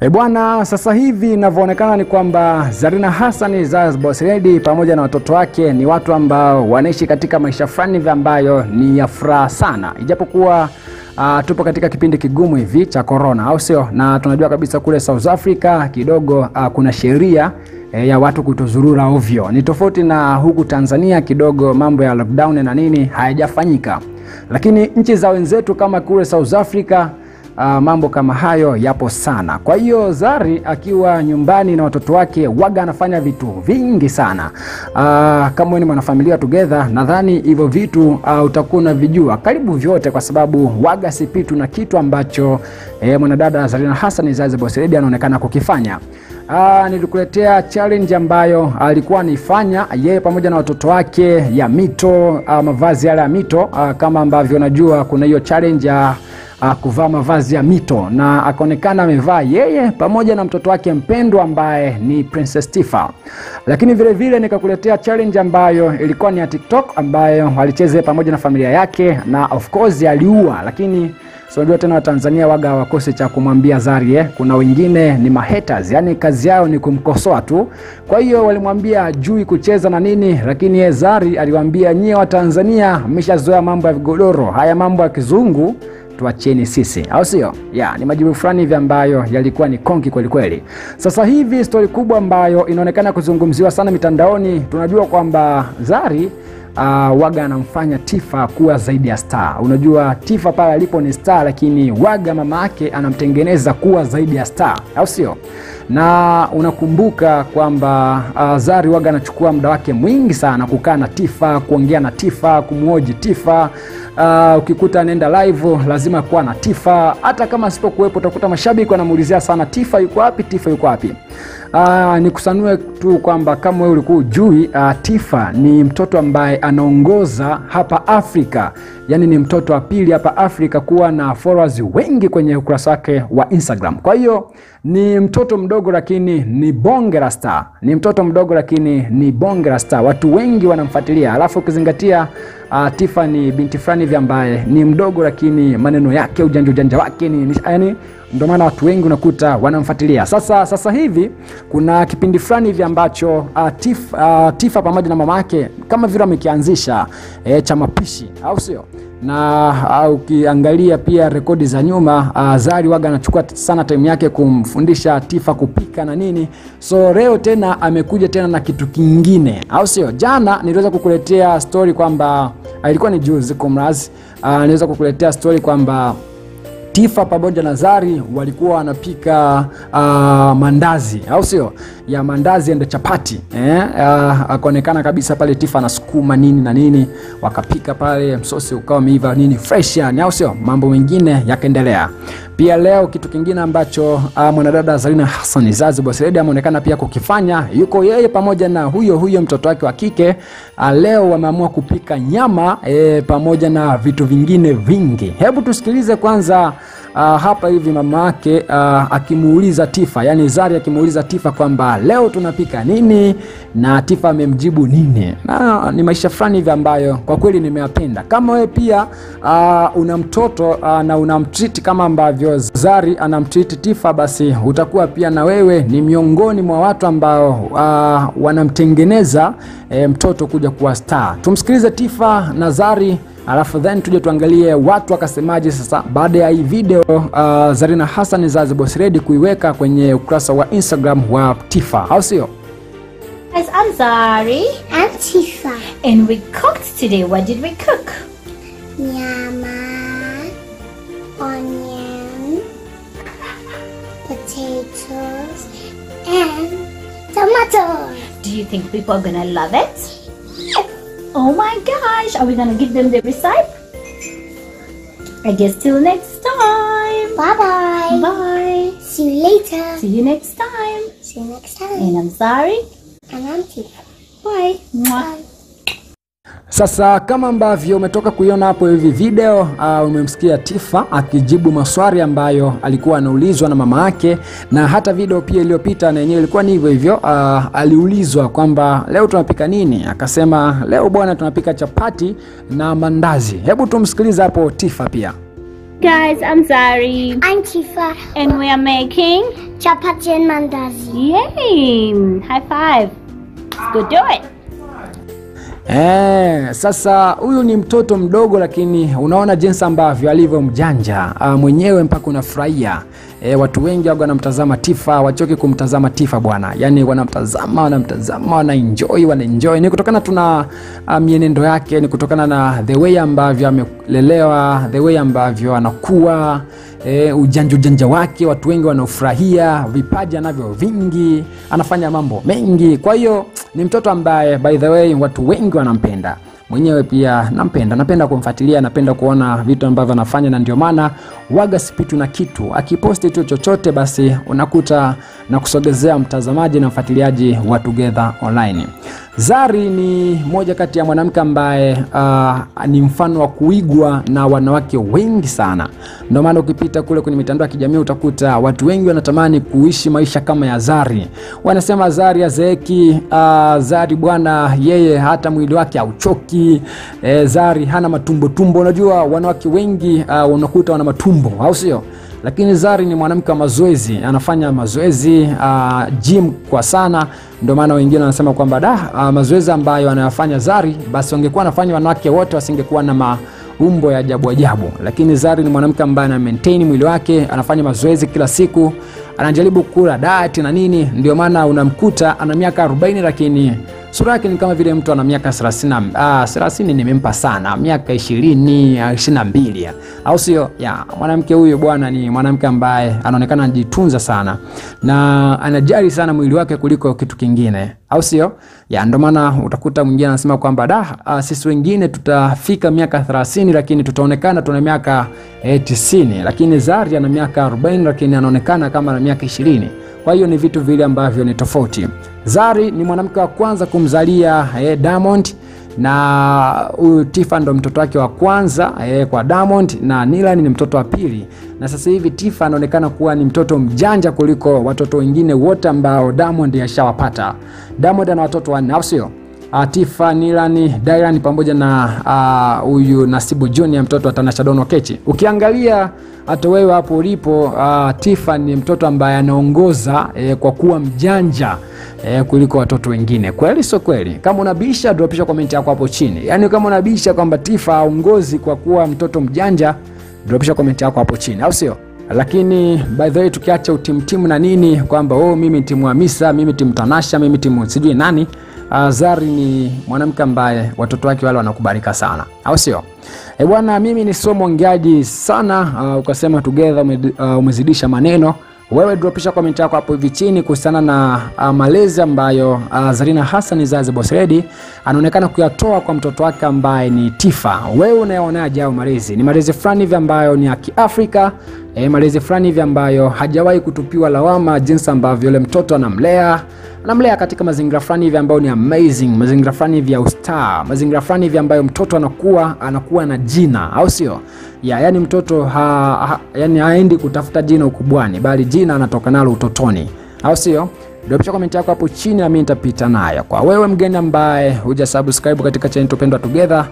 E bwana, sasa hivi inavyoonekana ni kwamba Zarina Hassani Zaaz Boseledi pamoja na watoto wake ni watu ambao wanaishi katika maisha fulani hivi ambayo ni ya furaha sana, ijapokuwa uh, tupo katika kipindi kigumu hivi cha corona, au sio? Na tunajua kabisa kule South Africa kidogo uh, kuna sheria eh, ya watu kutozurura ovyo, ni tofauti na huku Tanzania kidogo mambo ya lockdown na nini hayajafanyika, lakini nchi za wenzetu kama kule South Africa Uh, mambo kama hayo yapo sana. Kwa hiyo Zari akiwa nyumbani na watoto wake waga anafanya vitu vingi sana. Uh, kama wewe ni mwanafamilia together, nadhani hivyo vitu uh, utakuwa unavijua karibu vyote, kwa sababu waga sipitu na kitu ambacho eh, mwanadada Zarina Hassan Zaze Boss Lady anaonekana kukifanya. Aa, nilikuletea challenge ambayo alikuwa uh, anaifanya yeye pamoja na watoto wake ya mito uh, mavazi yale ya mito aa, kama ambavyo unajua kuna hiyo challenge ya Ah, kuvaa mavazi ya mito na akaonekana amevaa yeye pamoja na mtoto wake mpendwa ambaye ni Princess Tifa. Lakini vile vile nikakuletea challenge ambayo ilikuwa ni ya TikTok ambayo walicheze pamoja na familia yake na of course aliua, lakini unajua so, tena Watanzania waga wakose cha kumwambia Zari eh. Kuna wengine ni mahaters, yani kazi yao ni kumkosoa tu. Kwa hiyo walimwambia ajui kucheza na nini, lakini ye Zari aliwaambia nyie Watanzania mmeshazoea mambo ya vigodoro, haya mambo ya kizungu tuacheni sisi, au sio? Yeah, ni majibu fulani hivi ambayo yalikuwa ni konki kwelikweli. Sasa hivi stori kubwa ambayo inaonekana kuzungumziwa sana mitandaoni, tunajua kwamba Zari uh, waga anamfanya Tifa kuwa zaidi ya star. Unajua Tifa pale alipo ni star, lakini waga mama yake anamtengeneza kuwa zaidi ya star, au sio? Na unakumbuka kwamba uh, Zari waga anachukua muda wake mwingi sana kukaa na Tifa, kuongea na Tifa, kumwoji Tifa Uh, ukikuta anaenda live lazima kuwa na Tifa. Hata kama asipokuwepo utakuta mashabiki wanamuulizia sana Tifa yuko wapi, Tifa yuko wapi. Ah, nikusanue tu kwamba kama wewe ulikuwa ujui, ah, Tifa ni mtoto ambaye anaongoza hapa Afrika, yaani ni mtoto wa pili hapa Afrika kuwa na followers wengi kwenye ukurasa wake wa Instagram. Kwa hiyo ni mtoto mdogo lakini ni bonge la star, ni mtoto mdogo lakini ni bonge la star, watu wengi wanamfuatilia, alafu ukizingatia Uh, Tifa ni binti fulani hivi ambaye ni mdogo lakini maneno yake ujanja ujanja wake ni, yani ndio maana watu wengi unakuta wanamfuatilia. Sasa sasa hivi kuna kipindi fulani hivi ambacho uh, tif, uh, Tifa pamoja na mama yake kama vile wamekianzisha eh, cha mapishi, au sio? na uh, ukiangalia pia rekodi za nyuma uh, Zari waga anachukua sana time yake kumfundisha Tifa kupika na nini. So leo tena amekuja tena na kitu kingine, au sio? Jana niliweza kukuletea story kwamba uh, ilikuwa ni juzi kumraz uh, niliweza kukuletea story kwamba Tifa pamoja na Zari walikuwa wanapika uh, mandazi au sio, ya mandazi ende chapati eh? Uh, akaonekana kabisa pale Tifa anasukuma nini na nini, wakapika pale, msosi ukawa meiva nini fresh yani, au sio? Mambo mengine yakaendelea pia. Leo kitu kingine ambacho uh, mwanadada Zarina Hassan Boss Lady ameonekana pia kukifanya, yuko yeye pamoja na huyo huyo mtoto wake wa kike uh, leo wameamua kupika nyama eh, pamoja na vitu vingine vingi. Hebu tusikilize kwanza uh, hapa hivi mama yake uh, akimuuliza Tifa, yani Zari akimuuliza Tifa kwamba leo tunapika nini, na Tifa amemjibu nini, na ni maisha fulani hivi ambayo kwa kweli nimeyapenda. Kama wewe pia uh, una mtoto uh, na unamtriti kama ambavyo Zari anamtriti Tifa, basi utakuwa pia na wewe ni miongoni mwa watu ambao uh, wanamtengeneza eh, mtoto kuja kuwa star. Tumsikilize Tifa na Zari alafu then tuje tuangalie watu wakasemaje sasa baada ya hii video uh, Zarina Hassan za Boss Lady kuiweka kwenye ukurasa wa Instagram wa Tifa, au sio? Guys, I'm Zari. I'm Tifa. And we cooked today. What did we cook? Nyama, onion, potatoes, and tomatoes. Do you think people are gonna love it? Oh my gosh, are we gonna give them the recipe? I guess till next time. Bye-bye. Bye. See you later. See you next time. See you next time. And I'm sorry. And I'm Tifa. Bye. Mwah. Bye. Sasa kama ambavyo umetoka kuiona hapo hivi video uh, umemsikia Tifa akijibu maswali ambayo alikuwa anaulizwa na mama yake, na hata video pia iliyopita na yenyewe ilikuwa ni hivyo hivyo. Uh, aliulizwa kwamba leo tunapika nini, akasema leo bwana, tunapika chapati na mandazi. Hebu tumsikilize hapo Tifa pia. Guys, I'm Zari. I'm Tifa. And we are making chapati and mandazi. Yay! High five. Let's go do it. E, sasa huyu ni mtoto mdogo, lakini unaona jinsi ambavyo alivyo mjanja ah, mwenyewe mpaka unafurahia. E, watu wengi wago wanamtazama Tifa, wachoki kumtazama Tifa bwana. yani wanamtazama, wanamtazama, wanaenjoy, wanaenjoy. Ni kutokana tuna uh, mienendo yake, ni kutokana na the way ambavyo amelelewa, the way ambavyo anakuwa, e, ujanja ujanja wake watu wengi wanaofurahia, vipaji anavyo vingi, anafanya mambo mengi. Kwa hiyo ni mtoto ambaye by the way watu wengi wanampenda mwenyewe pia nampenda, napenda kumfuatilia, napenda kuona vitu ambavyo anafanya, na ndio maana waga sipitu na kitu. Akiposti tu chochote, basi unakuta na kusogezea mtazamaji na mfuatiliaji wa Together Online. Zari ni moja kati ya mwanamke ambaye uh, ni mfano wa kuigwa na wanawake wengi sana. Ndio maana ukipita kule kwenye mitandao ya kijamii utakuta watu wengi wanatamani kuishi maisha kama ya Zari. Wanasema Zari azeeki uh, Zari bwana, yeye hata mwili wake hauchoki. E, Zari hana matumbo tumbo. Unajua wanawake wengi uh, unakuta wana matumbo, au sio? Lakini Zari ni mwanamke wa mazoezi, anafanya mazoezi uh, gym kwa sana, ndio maana wengine wanasema kwamba da uh, ah, mazoezi ambayo anayofanya Zari, basi wangekuwa anafanya wanawake wote wasingekuwa na ma umbo ya ajabu ajabu, lakini Zari ni mwanamke ambaye ana maintain mwili wake, anafanya mazoezi kila siku, anajaribu kula diet na nini, ndio maana unamkuta ana miaka 40 lakini sura yake ni kama vile mtu ana miaka 30 ah, 30 nimempa sana, miaka 20 22, au sio? Ya mwanamke huyo bwana ni mwanamke ambaye anaonekana anajitunza sana na anajali sana mwili wake kuliko kitu kingine, au sio? Ya ndio maana utakuta mwingine anasema kwamba da, ah, sisi wengine tutafika miaka 30 lakini tutaonekana tuna miaka eh, 90, lakini Zari ana miaka 40 lakini anaonekana kama ana miaka 20. Kwa hiyo ni vitu vile ambavyo ni tofauti. Zari ni mwanamke wa kwanza kumzalia eh, Diamond na huyu Tifa ndo mtoto wake wa kwanza eh, kwa Diamond na Nillan ni mtoto wa pili, na sasa hivi Tifa anaonekana kuwa ni mtoto mjanja kuliko watoto wengine wote ambao Diamond yashawapata. Diamond ana watoto wanne, au sio? uh, Tifa Nilani Dylan pamoja na uh, huyu uh, Nasibu Junior mtoto wa tanashadono Kechi. Ukiangalia hata wewe hapo ulipo uh, Tifa ni mtoto ambaye anaongoza eh, kwa kuwa mjanja eh, kuliko watoto wengine. Kweli sio kweli? Kama unabisha dropisha comment yako hapo chini. Yaani kama unabisha kwamba Tifa aongozi kwa kuwa mtoto mjanja, dropisha comment yako hapo chini, au sio? lakini by the way tukiacha utimtimu na nini kwamba oh, mimi timu wa misa mimi timu Tanasha, mimi timu sijui nani uh, Zari ni mwanamke ambaye watoto wake wale wanakubalika sana, au sio? E bwana, mimi ni sio mwongeaji sana uh, ukasema together uh, umezidisha maneno wewe dropisha comment yako hapo hivi chini kuhusiana na uh, malezi ambayo uh, Zarina Hassan Zazi Boss Lady anaonekana kuyatoa kwa mtoto wake ambaye ni Tifa. Wewe unayeonaje hayo malezi? Ni malezi fulani hivi ambayo ni ya Kiafrika e, malezi fulani hivi ambayo hajawahi kutupiwa lawama, jinsi ambavyo yule mtoto anamlea anamlea katika mazingira fulani hivi ambayo ni amazing, mazingira fulani hivi ya ustar mazingira fulani hivi ambayo mtoto anakuwa anakuwa na jina, au sio? ya yani mtoto ha, ha, yani haendi kutafuta jina ukubwani, bali jina anatoka nalo utotoni, au sio? Dropsha comment yako hapo chini, na mimi nitapita nayo. Kwa wewe mgeni ambaye hujasubscribe katika channel tupendwa together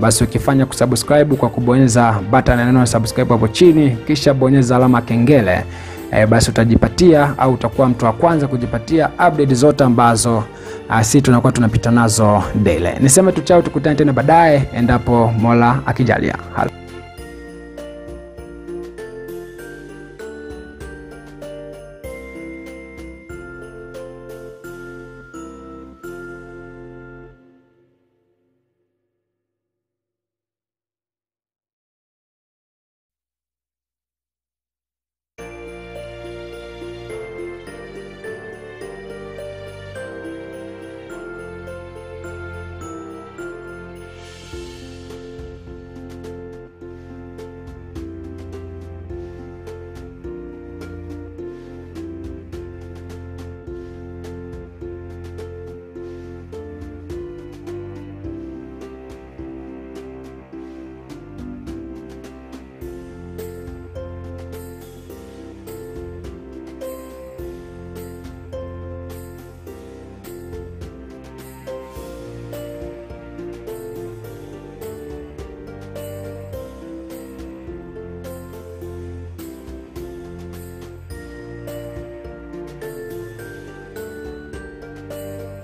basi ukifanya kusubscribe kwa kubonyeza button ya neno subscribe hapo chini, kisha bonyeza alama kengele e, basi utajipatia au utakuwa mtu wa kwanza kujipatia update zote ambazo si tunakuwa tunapita nazo daily. Niseme tu chao, tukutane tena baadaye endapo Mola akijalia.